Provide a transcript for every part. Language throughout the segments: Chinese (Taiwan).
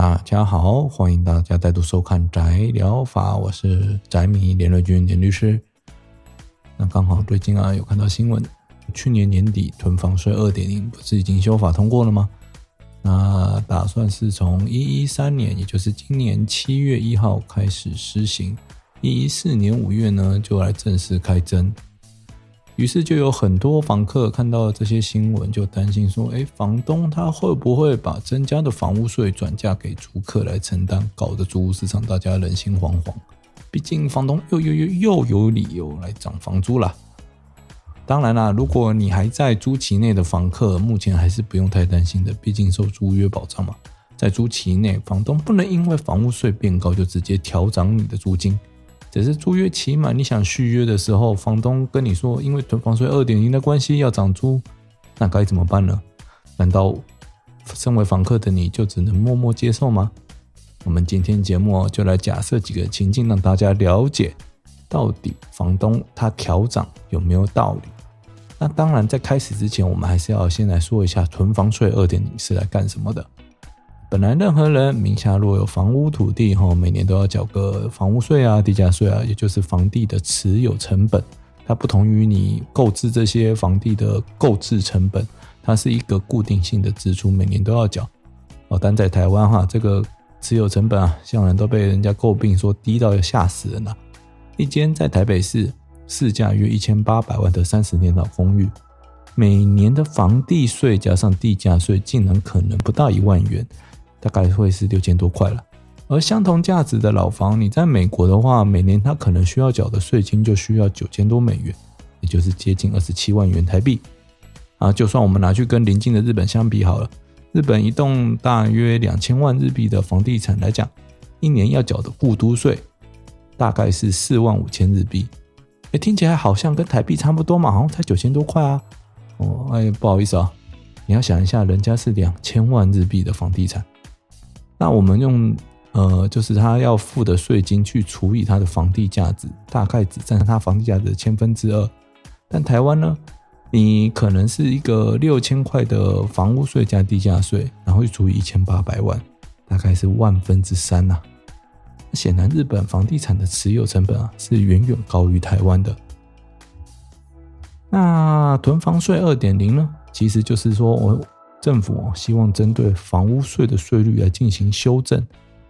大家好，歡迎大家再度收看《宅聊法》，我是宅米連瑞君連律師。那剛好最近啊，有看到新聞，去年年底囤房稅二點零不是已經修法通過了嗎？那打算是從一一三年，也就是今年七月一號開始施行，一一四年五月呢就來正式開徵。於是就有很多房客看到這些新聞，就擔心說：“哎，房東他會不會把增加的房屋稅轉嫁給租客來承擔？搞得租屋市場大家人心惶惶，畢竟房東又又又又又有理由來漲房租了。”當然啦，如果你還在租期內的房客，目前還是不用太擔心的，畢竟受租約保障嘛，在租期內，房東不能因為房屋稅變高就直接調漲你的租金。只是租約期滿，你想續約的時候，房東跟你說，因為囤房稅二點零的關係要漲租，那該怎麼辦呢？難道身為房客的你就只能默默接受嗎？我們今天節目就來假設幾個情境，讓大家了解到底房東他調漲有沒有道理。那當然，在開始之前，我們還是要先來說一下囤房稅二點零是來幹什麼的。本來任何人名下若有房屋土地，哈，每年都要繳個房屋稅啊、地價稅啊，也就是房地的持有成本。它不同於你購置這些房地的購置成本，它是一個固定性的支出，每年都要繳。哦，但在台灣哈、啊，這個持有成本啊，向來都被人家詬病說低到要嚇死人吶。一間在台北市市價約一千八百萬的三十年老公寓，每年的房地稅加上地價稅，竟然可能不到一萬元。大概會是六千多塊了，而相同價值的老房，你在美國的話，每年它可能需要繳的稅金就需要九千多美元，也就是接近二十七萬元台幣。啊，就算我們拿去跟鄰近的日本相比好了，日本一棟大約兩千萬日幣的房地產來講，一年要繳的固都稅大概是四萬五千日幣。誒，聽起來好像跟台幣差不多嘛，好像才九千多塊啊。哦，哎，不好意思啊，喔，你要想一下，人家是兩千萬日幣的房地產。那我們用呃，就是他要付的稅金去除以他的房地價值，大概只占他房地價值的千分之二。但台灣呢，你可能是一個六千塊的房屋稅加地價稅，然後去除以一千八百萬，大概是萬分之三吶、啊。顯然，日本房地產的持有成本啊是遠遠高於台灣的。那囤房稅二點零呢，其實就是說我。政府哦，希望針對房屋稅的稅率來進行修正。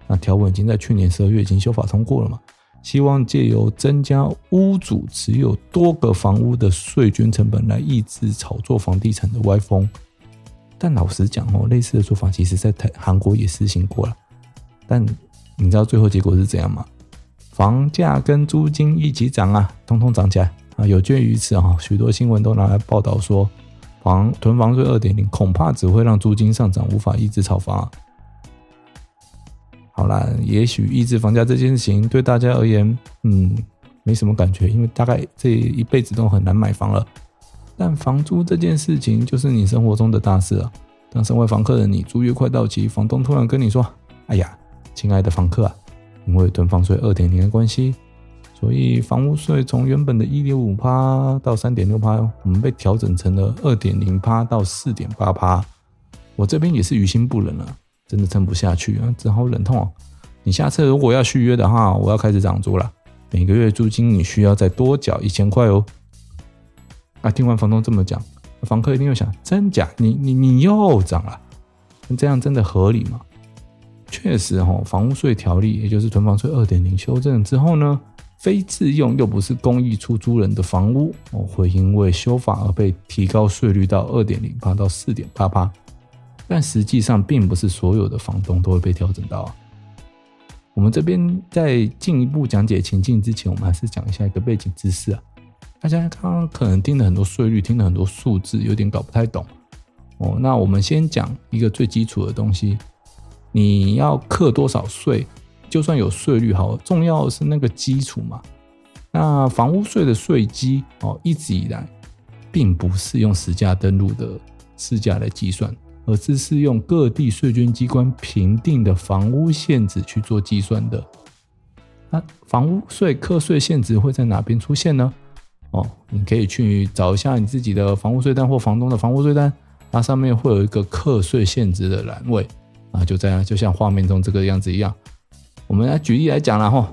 那條文已經在去年十二月已經修法通過了嘛？希望借由增加屋主持有多個房屋的稅捐成本來抑制炒作房地產的歪風。但老實講哦，類似的做法其實在台韓國也實行過了。但你知道最後結果是怎樣嗎？房價跟租金一起漲啊，通通漲起來啊！有鑑於此啊，許多新聞都拿來報道說。房囤房稅2.0恐怕只會讓租金上漲，無法抑制炒房啊。好啦，也許抑制房價這件事情對大家而言，嗯，沒什麼感覺，因為大概這一輩子都很難買房了。但房租這件事情就是你生活中的大事啊。當身為房客的你，租約快到期，房東突然跟你說：“哎呀，親愛的房客啊，因為囤房稅2.0的關係。”所以房屋稅從原本的一點五趴到三點六趴，我們被調整成了二點零趴到四點八趴。我這邊也是於心不忍了，真的撐不下去啊，只好忍痛啊。你下次如果要續約的話，我要開始漲租了，每個月租金你需要再多繳一千塊哦。啊，聽完房東這麼講，房客一定又想，真假？你你你又漲了啊？這樣真的合理嗎？確實哈、哦，房屋稅條例也就是囤房稅二點零修正之後呢。非自用又不是公益出租人的房屋，會因為修法而被提高稅率到二點零趴到四點八趴，但實際上並不是所有的房東都會被調整到啊。我們這邊在進一步講解情境之前，我們還是講一下一個背景知識啊。大家剛剛可能聽了很多稅率，聽了很多數字，有點搞不太懂。哦，那我們先講一個最基礎的東西，你要課多少稅？就算有稅率好了，重要的是那個基礎嘛。那房屋稅的稅基哦，一直以來並不是用實價登錄的市價來計算，而是是用各地稅捐機關評定的房屋現值去做計算的。那房屋稅課稅現值會在哪邊出現呢？哦，你可以去找一下你自己的房屋稅單或房東的房屋稅單，它上面會有一個課稅現值的欄位啊，就這樣，就像畫面中這個樣子一樣。我們來舉例來講了吼，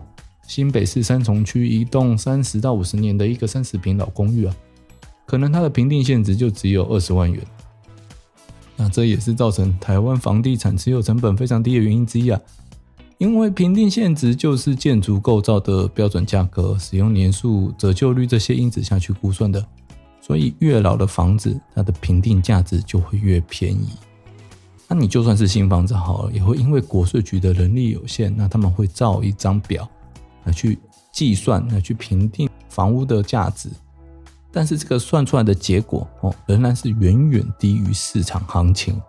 新北市三重區一棟三十到五十年的一個三十坪老公寓啊，可能它的評定現值就只有二十萬元。那這也是造成台灣房地產持有成本非常低的原因之一啊，因為評定現值就是建築構造的標準價格、使用年數、折舊率這些因子下去估算的，所以越老的房子，它的評定價值就會越便宜。那你就算是新房子好了，也會因為國稅局的能力有限，那他們會造一張表來去計算，來去評定房屋的價值。但是這個算出來的結果哦，仍然是遠遠低於市場行情。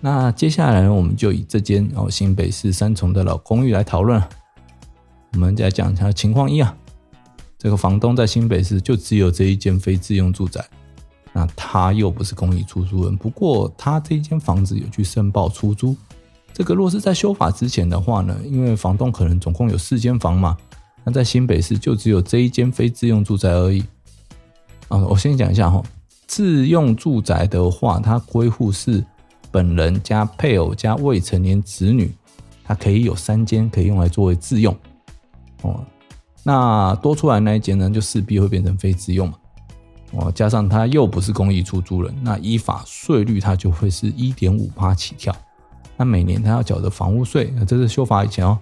那接下來我們就以這間哦新北市三重的老公寓來討論了。我們再講一下情況一啊，這個房東在新北市就只有這一間非自用住宅。那他又不是公益出租人，不過他這一間房子有去申報出租。這個若是在修法之前的話呢，因為房東可能總共有四間房嘛，那在新北市就只有這一間非自用住宅而已。啊、哦，我先講一下哈、哦，自用住宅的話，它歸戶是本人加配偶加未成年子女，它可以有三間可以用來作為自用。哦，那多出來那一間呢，就勢必會變成非自用嘛。哦，加上他又不是公益出租人，那依法稅率他就會是一點五趴起跳。那每年他要繳的房屋稅，這是修法以前哦，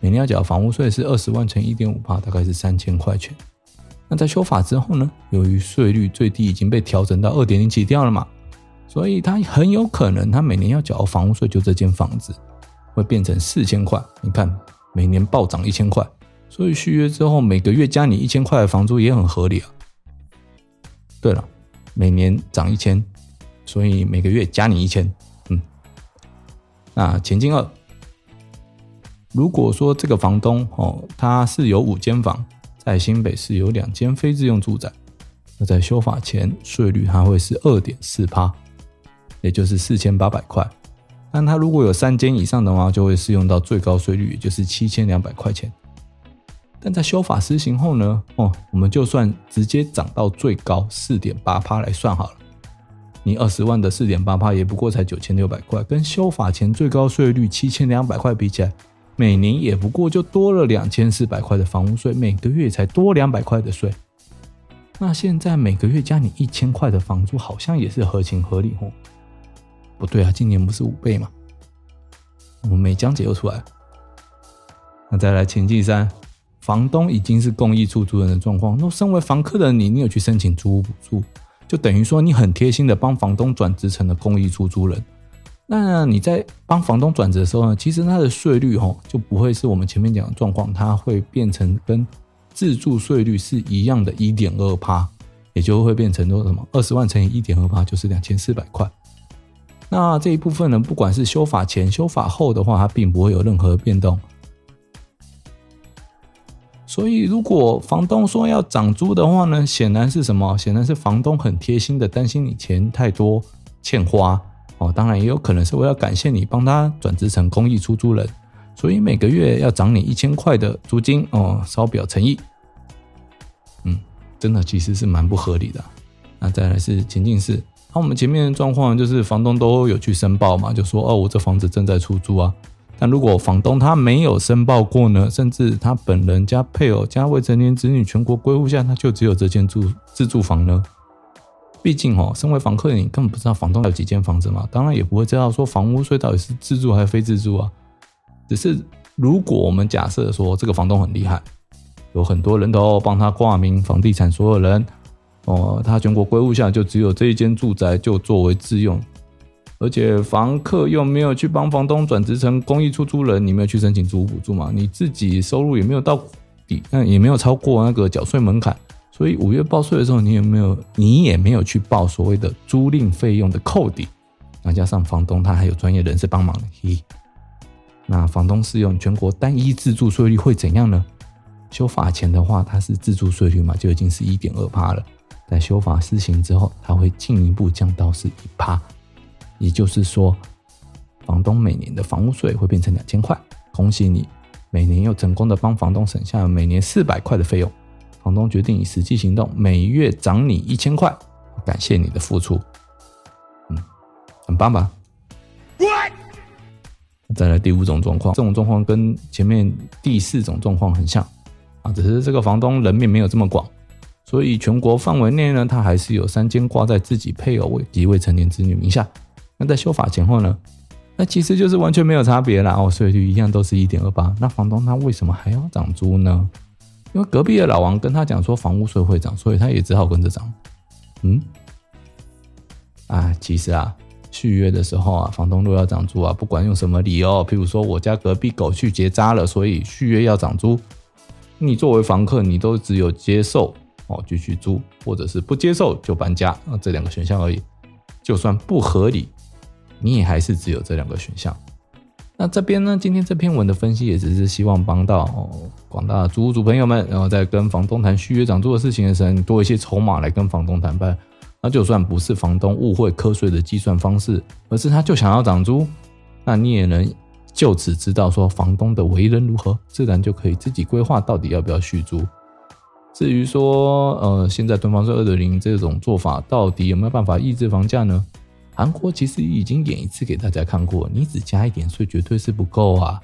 每年要繳房屋稅是二十萬乘一點五趴，大概是三千塊錢。那在修法之後呢，由於稅率最低已經被調整到二點零起跳了嘛，所以他很有可能他每年要繳的房屋稅就這間房子會變成四千塊。你看，每年暴漲一千塊，所以續約之後每個月加你一千塊的房租也很合理啊。對了，每年漲一千，所以每個月加你一千，嗯。那情境二，如果說這個房東哦，他是有五間房，在新北市有兩間非自用住宅，那在修法前稅率它會是二點四趴，也就是四千八百塊。但他如果有三間以上的話，就會適用到最高稅率，也就是七千兩百塊錢。但在修法施行後呢，哦，我們就算直接漲到最高四點八趴來算好了，你二十萬的四點八趴也不過才九千六百塊，跟修法前最高稅率七千兩百塊比起來，每年也不過就多了兩千四百塊的房屋稅，每個月才多兩百塊的稅。那現在每個月加你一千塊的房租，好像也是合情合理哦。不對啊，今年不是五倍嗎？我們每將解又出來，那再來前進三。房東已經是公益出租人的狀況，那身為房客的你，你有去申請租屋補助，就等於說你很貼心的幫房東轉職成了公益出租人。那你在幫房東轉職的時候呢，其實它的稅率哈、哦、就不會是我們前面講的狀況，它會變成跟自住稅率是一樣的，一點二趴，也就會變成多什麼二十萬乘以一點二趴就是兩千四百塊。那這一部分呢，不管是修法前、修法後的話，它並不會有任何變動。所以，如果房東說要漲租的話呢，顯然是什麼？顯然是房東很貼心的擔心你錢太多欠花哦。當然也有可能是為了感謝你幫他轉職成公益出租人，所以每個月要漲你一千塊的租金哦，稍表誠意。嗯，真的其實是蠻不合理的。那再來是情境四，那我們前面的狀況就是房東都有去申報嘛，就說哦，我這房子正在出租啊。但如果房東他沒有申報過呢？甚至他本人加配偶加未成年子女全國歸戶下，他就只有這間住自住房呢？畢竟哦，身為房客，你根本不知道房東還有幾間房子嘛，當然也不會知道說房屋稅到底是自住還是非自住啊。只是如果我們假設說這個房東很厲害，有很多人頭幫他掛名房地產所有人，哦，他全國歸戶下就只有這一間住宅就作為自用。而且房客又沒有去幫房東轉職成公益出租人，你沒有去申請租屋補助嘛，你自己收入也沒有到底，但也沒有超過那個繳稅門檻，所以五月報稅的時候，你有沒有？你也沒有去報所謂的租賃費用的扣抵。那加上房東他還有專業人士幫忙，咦？那房東適用全國單一自住稅率會怎樣呢？修法前的話，它是自住稅率嘛，就已經是一點二趴了。在修法施行之後，它會進一步降到是一趴。也就是說，房東每年的房屋稅會變成兩千塊。恭喜你，每年又成功的幫房東省下每年四百塊的費用。房東決定以實際行動，每月漲你一千塊。感謝你的付出，嗯，很棒吧？What? 再來第五種狀況，這種狀況跟前面第四種狀況很像啊，只是這個房東人面沒有這麼廣，所以全國範圍內呢，他還是有三間掛在自己配偶及未成年子女名下。那在修法前後呢？那其實就是完全沒有差別啦。哦，稅率一樣都是一點二八。那房東他為什麼還要漲租呢？因為隔壁的老王跟他講說房屋稅會漲，所以他也只好跟着漲。嗯，啊，其實啊，續約的時候啊，房東若要漲租啊，不管用什麼理由，譬如說我家隔壁狗去結紮了，所以續約要漲租。你作為房客，你都只有接受哦，繼續租，或者是不接受就搬家啊，這兩個選項而已。就算不合理，你也還是只有這兩個選項。那這邊呢？今天這篇文的分析也只是希望幫到、哦、廣大的租屋族朋友們，然、哦、後在跟房東談續約漲租的事情的時候，多一些籌碼來跟房東談判。那就算不是房東誤會課稅的計算方式，而是他就想要漲租，那你也能就此知道說房東的為人如何，自然就可以自己規劃到底要不要續租。至於說，呃，現在囤房稅二點零這種做法，到底有沒有辦法抑制房價呢？韓國其實已經演一次給大家看過，你只加一點稅絕對是不夠啊！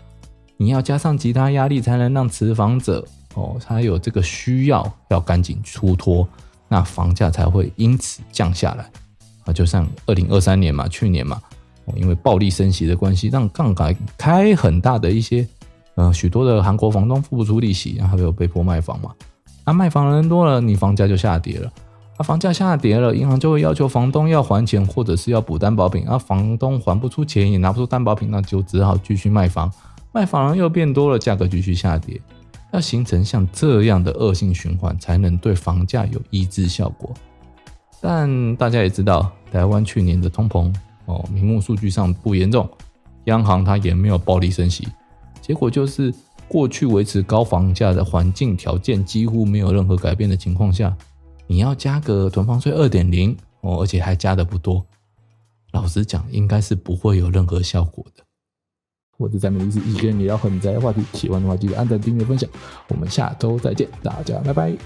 你要加上其他壓力，才能讓持房者哦，才有這個需要要趕緊出脫，那房價才會因此降下來啊！就像二零二三年嘛，去年嘛，哦，因為暴力升息的關係，讓槓桿開很大的一些，呃、許多的韓國房東付不出利息，然後啊，又被迫賣房嘛，那啊，賣房人多了，你房價就下跌了。房價下跌了，銀行就會要求房東要還錢，或者是要補擔保品。而、啊、房東還不出錢，也拿不出擔保品，那就只好繼續賣房。賣房又變多了，價格繼續下跌，要形成像這樣的惡性循環，才能對房價有抑制效果。但大家也知道，台灣去年的通膨哦，名目數據上不嚴重，央行它也沒有暴力升息，結果就是過去維持高房價的環境條件幾乎沒有任何改變的情況下。你要加個囤房稅二點零哦，而且還加的不多，老實講，應該是不會有任何效果的。我是宅米律師，跟你聊很宅的話題。喜歡的話，記得按讚、訂閱、分享。我們下周再見，大家拜拜。